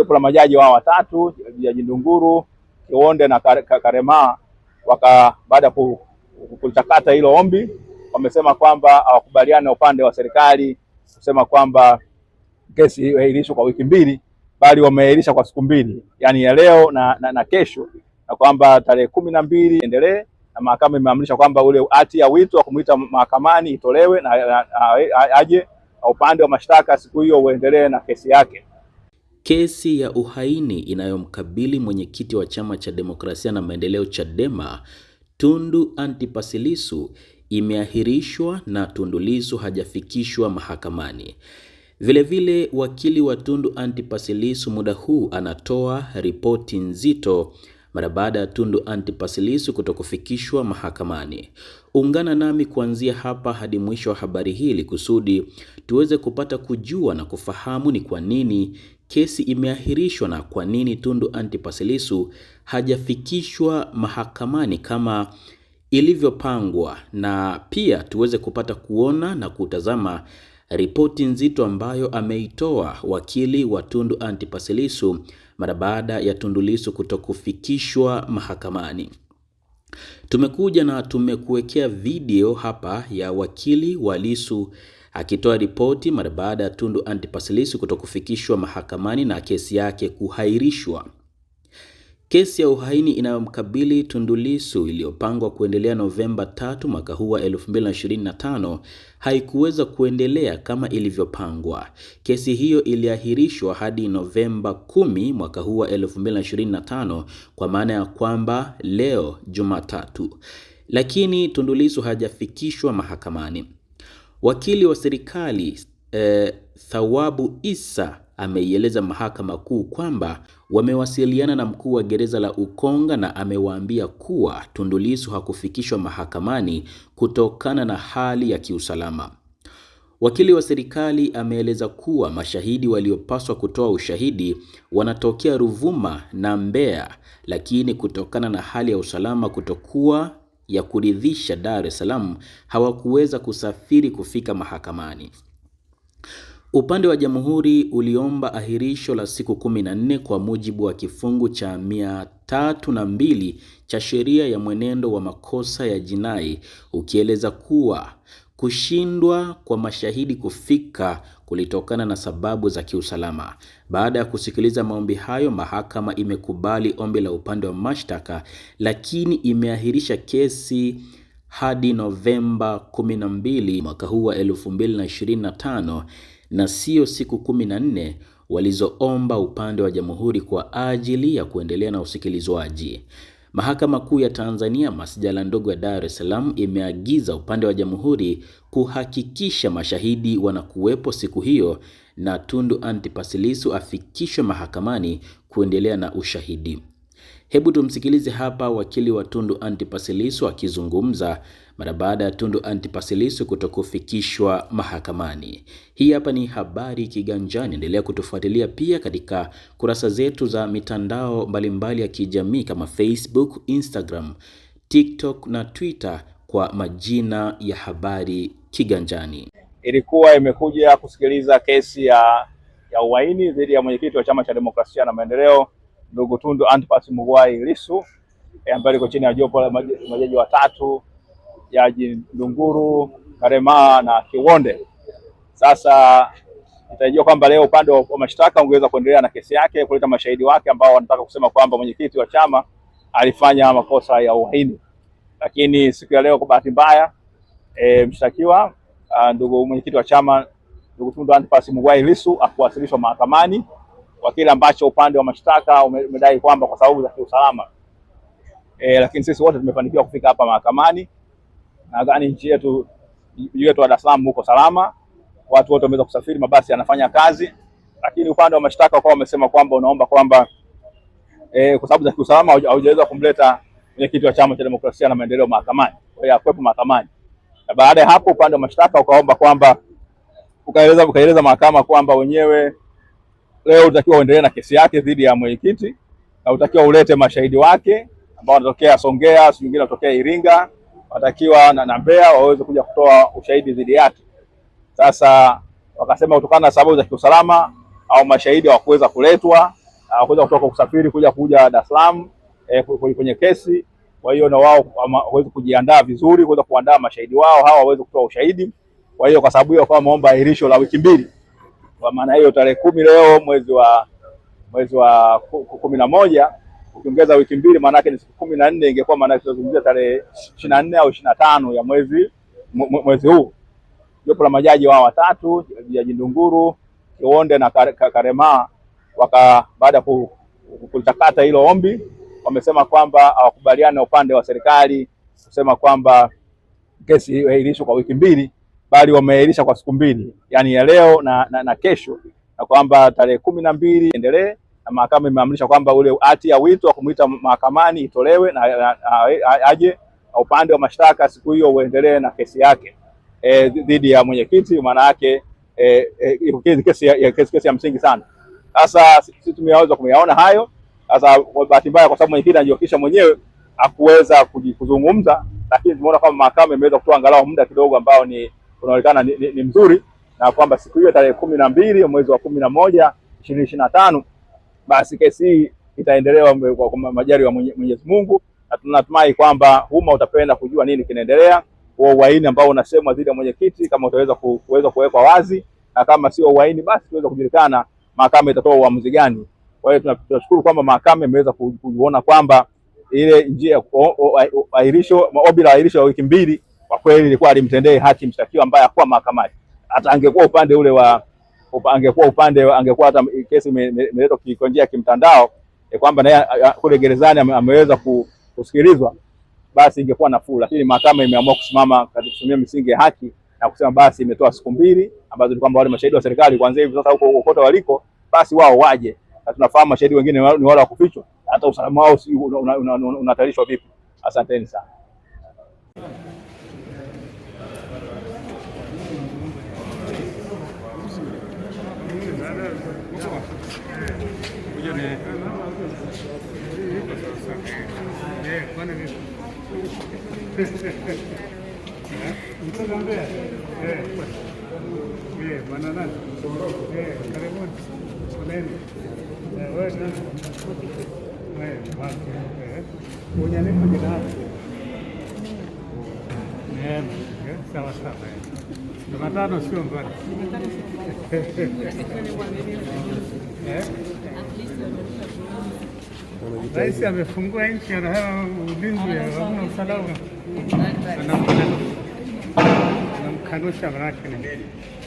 jopo la majaji wao watatu, jaji Ndunguru, Kionde na Karema, waka baada ya kulitakata hilo ombi, wamesema kwamba hawakubaliani na upande wa serikali kusema kwamba kesi hiyo iahirishwe kwa wiki mbili, bali wameahirisha kwa siku mbili, yaani ya leo na, na, na kesho, na kwamba tarehe kumi na mbili endelee na mahakama imeamrisha kwamba ule hati ya wito wa kumuita mahakamani itolewe na aje, na upande wa mashtaka siku hiyo uendelee na kesi yake. Kesi ya uhaini inayomkabili mwenyekiti wa chama cha demokrasia na maendeleo Chadema Tundu Antipas Lissu imeahirishwa na Tundu Lissu hajafikishwa mahakamani. Vilevile vile, wakili wa Tundu Antipas Lissu muda huu anatoa ripoti nzito mara baada ya Tundu Antipas Lissu kutokufikishwa mahakamani. Ungana nami kuanzia hapa hadi mwisho wa habari hii ili kusudi tuweze kupata kujua na kufahamu ni kwa nini kesi imeahirishwa na kwa nini Tundu Antipas Lissu hajafikishwa mahakamani kama ilivyopangwa, na pia tuweze kupata kuona na kutazama ripoti nzito ambayo ameitoa wakili wa Tundu Antipas Lissu mara baada ya Tundu Lissu kutokufikishwa mahakamani. Tumekuja na tumekuwekea video hapa ya wakili wa Lissu akitoa ripoti mara baada ya Tundu Antipas Lissu kutokufikishwa mahakamani na kesi yake kuhairishwa. Kesi ya uhaini inayomkabili Tundu Lissu iliyopangwa kuendelea Novemba 3 mwaka huu wa 2025 haikuweza kuendelea kama ilivyopangwa. Kesi hiyo iliahirishwa hadi Novemba 10 mwaka huu wa 2025 kwa maana ya kwamba leo Jumatatu. Lakini Tundu Lissu hajafikishwa mahakamani. Wakili wa serikali e, Thawabu isa ameieleza mahakama kuu kwamba wamewasiliana na mkuu wa gereza la Ukonga na amewaambia kuwa Tundu Lissu hakufikishwa mahakamani kutokana na hali ya kiusalama. Wakili wa serikali ameeleza kuwa mashahidi waliopaswa kutoa ushahidi wanatokea Ruvuma na Mbeya, lakini kutokana na hali ya usalama kutokuwa ya kuridhisha Dar es Salaam hawakuweza kusafiri kufika mahakamani. Upande wa jamhuri uliomba ahirisho la siku kumi na nne kwa mujibu wa kifungu cha mia na mbili cha sheria ya mwenendo wa makosa ya jinai ukieleza kuwa kushindwa kwa mashahidi kufika kulitokana na sababu za kiusalama. Baada ya kusikiliza maombi hayo, mahakama imekubali ombi la upande wa mashtaka, lakini imeahirisha kesi hadi Novemba 12 mwaka huu wa 2025 na sio siku 14 walizoomba upande wa jamhuri kwa ajili ya kuendelea na usikilizwaji. Mahakama Kuu ya Tanzania masijala ndogo ya Dar es Salaam imeagiza upande wa Jamhuri kuhakikisha mashahidi wanakuwepo siku hiyo na Tundu Antipas Lissu afikishwe mahakamani kuendelea na ushahidi. Hebu tumsikilize hapa wakili wa Tundu Antipas Lissu akizungumza mara baada ya Tundu Antipas Lissu kutokufikishwa mahakamani. Hii hapa ni Habari Kiganjani. Endelea kutufuatilia pia katika kurasa zetu za mitandao mbalimbali mbali ya kijamii kama Facebook, Instagram, TikTok na Twitter kwa majina ya Habari Kiganjani. Ilikuwa imekuja kusikiliza kesi ya ya uhaini dhidi ya mwenyekiti wa Chama cha Demokrasia na Maendeleo ndugu Tundu Antipas Mugwai Lissu e, ambaye liko chini ya jopo la majaji watatu Jaji Ndunguru, Karema na Kiwonde. Sasa itarajia kwamba leo upande wa mashtaka ungeweza kuendelea na kesi yake kuleta mashahidi wake ambao wanataka kusema kwamba mwenyekiti wa chama alifanya makosa ya uhaini, lakini siku ya leo kwa bahati mbaya e, mshtakiwa ah, ndugu mwenyekiti wa chama ndugu Tundu Antipas Mugwai Lissu akuwasilishwa mahakamani kwa kile ambacho upande wa mashtaka umedai kwamba kwa sababu za kiusalama e, lakini sisi wote tumefanikiwa kufika hapa mahakamani. Nadhani nchi yetu yetu wa Dar es Salaam huko salama, watu wote wameweza kusafiri, mabasi yanafanya kazi, lakini upande wa mashtaka kwa wamesema kwamba unaomba kwamba e, kwa sababu za kiusalama haujaweza kumleta mwenyekiti wa Chama cha Demokrasia na Maendeleo mahakamani, kwa hiyo akwepo mahakamani. Na baada ya hapo upande wa mashtaka ukaomba kwamba ukaeleza ukaeleza mahakama kwamba wenyewe leo utakiwa uendelee na kesi yake dhidi ya mwenyekiti na utakiwa ulete mashahidi wake ambao wanatokea Songea, siku nyingine wanatokea Iringa, watakiwa na Mbeya waweze kuja kutoa ushahidi dhidi yake. Sasa wakasema kutokana na sababu za kiusalama au mashahidi hawakuweza kuletwa, hawakuweza kutoka kusafiri kuja kuja Dar es Salaam eh, kwenye kesi. Kwa hiyo na wao waweze kujiandaa vizuri kuweza kuandaa mashahidi wao hawa waweze kutoa ushahidi. Kwa hiyo kwa sababu hiyo kwa maomba ahirisho la wiki mbili. Kwa maana hiyo tarehe kumi leo mwezi wa mwezi wa kumi na moja ukiongeza wiki mbili yake ni siku kumi na nne ingekuwa maanake tunazungumzia tarehe ishirini na nne au ishirini na tano ya mwezi mwezi huu. Jopo la majaji wao watatu Jaji Ndunguru, Kionde na Karema waka baada ya kutakata hilo ombi wamesema kwamba hawakubaliani na upande wa serikali kusema kwamba kesi iahirishwe kwa wiki mbili bali wameahirisha kwa siku mbili, yani ya leo na, na, na kesho, na kwamba tarehe kumi na mbili endelee na mahakama imeamrisha kwamba ule hati ya wito wa kumwita mahakamani itolewe na, aje upande wa mashtaka siku hiyo uendelee na kesi yake e, dhidi ya mwenyekiti. Maana yake e, e, kesi ya, kesi ya msingi sana. Sasa sisi tumeweza kumeyaona hayo. Sasa kwa bahati mbaya, kwa sababu mwenyekiti anajiwakilisha mwenyewe hakuweza kuzungumza, lakini tumeona kwamba mahakama imeweza kutoa angalau muda kidogo ambao ni unaonekana ni, ni, ni mzuri na kwamba siku hiyo tarehe kumi na mbili mwezi wa kumi na moja ishirini ishirini na tano basi kesi hii itaendelewa kwa wa Mwenyezi Mungu, na tunatumai kwamba umma utapenda kujua nini kinaendelea. Huo uhaini ambao unasemwa dhidi ya mwenyekiti kama utaweza kuweza kuwekwa wazi, na kama sio uhaini, basi tuweza kujulikana mahakama itatoa uamuzi gani. Kwa hiyo tunashukuru kwamba mahakama imeweza kuona kwamba ile njia ya airisho, ombi la airisho ya wiki mbili kwa kweli ilikuwa alimtendee haki mshtakiwa ambaye hakuwa mahakamani. Hata angekuwa upande ule wa upa, angekuwa upande angekuwa hata kesi imeletwa kwa njia ya kimtandao e, kwamba naye kule gerezani ameweza kusikilizwa, basi ingekuwa nafuu, lakini mahakama imeamua kusimama katika kusimamia misingi ya haki na kusema basi imetoa siku mbili ambazo ni kwamba wale mashahidi wa serikali kuanzia hivi sasa huko kote waliko basi wao waje, na tunafahamu mashahidi wengine ni wale wa kufichwa, hata usalama wao una, una, una, una vipi. Asanteni sana. banana. Eh, karimun. Eh, Eh, Eh. Punya sawa sawa. Jumatano sio mbali. Rais amefungua nchi, anasema ulinzi hakuna usalama, anamkanusha manake ni